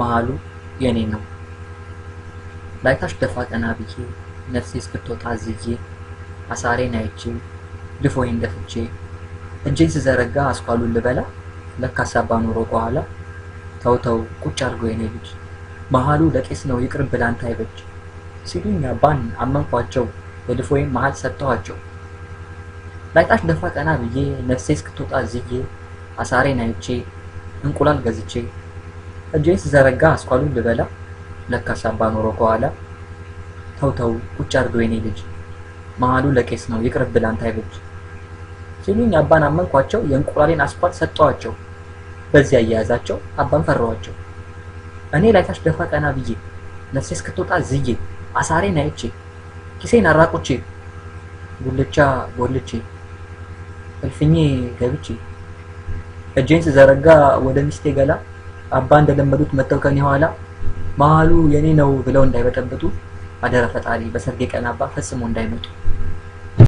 መሀሉ የኔ ነው። ላይታች ደፋ ቀና ብዬ ነፍሴ እስክትወጣ አዝዬ አሳሬን አይቼ ልፎዬን እንደፍቼ እጄን ስዘረጋ አስኳሉን ልበላ ለካ ሳባ በኋላ ተውተው ቁጭ አድርጎ የኔ ልጅ መሀሉ ለቄስ ነው ይቅር ብላንተ አይበጅ ሲሉኝ ባን አመንኳቸው ለልፎይም መሀል ሰጠኋቸው። ላይጣሽ ደፋ ቀና ብዬ ነፍሴ እስክትወጣ ዝዬ አሳሬን አይቼ እንቁላል ገዝቼ እጄን ስዘረጋ አስኳሉን ልበላ ለካስ አምባ ኖሮ ከኋላ ተውተው ቁጭ አድርገው የኔ ልጅ መሀሉ ለቄስ ነው ይቅርብ ብላንት አይበጅ ሲሉኝ አባን አመንኳቸው። የእንቁላሌን አስኳል ሰጠዋቸው። በዚያ እያያዛቸው አባን ፈራዋቸው። እኔ ላይታች ደፋ ቀና ብዬ ነፍሴ እስክትወጣ ዝዬ አሳሬን አይቼ ኪሴን አራቁቼ ጉልቻ ጎልቼ እልፍኜ ገብቼ እጄን ስዘረጋ ወደ ሚስቴ ገላ አባ እንደለመዱት መጥተው ከኔ ኋላ መሀሉ የኔ ነው ብለው እንዳይበጠብጡ አደረ ፈጣሪ በሰርጌ ቀን አባ ፈጽሞ እንዳይመጡ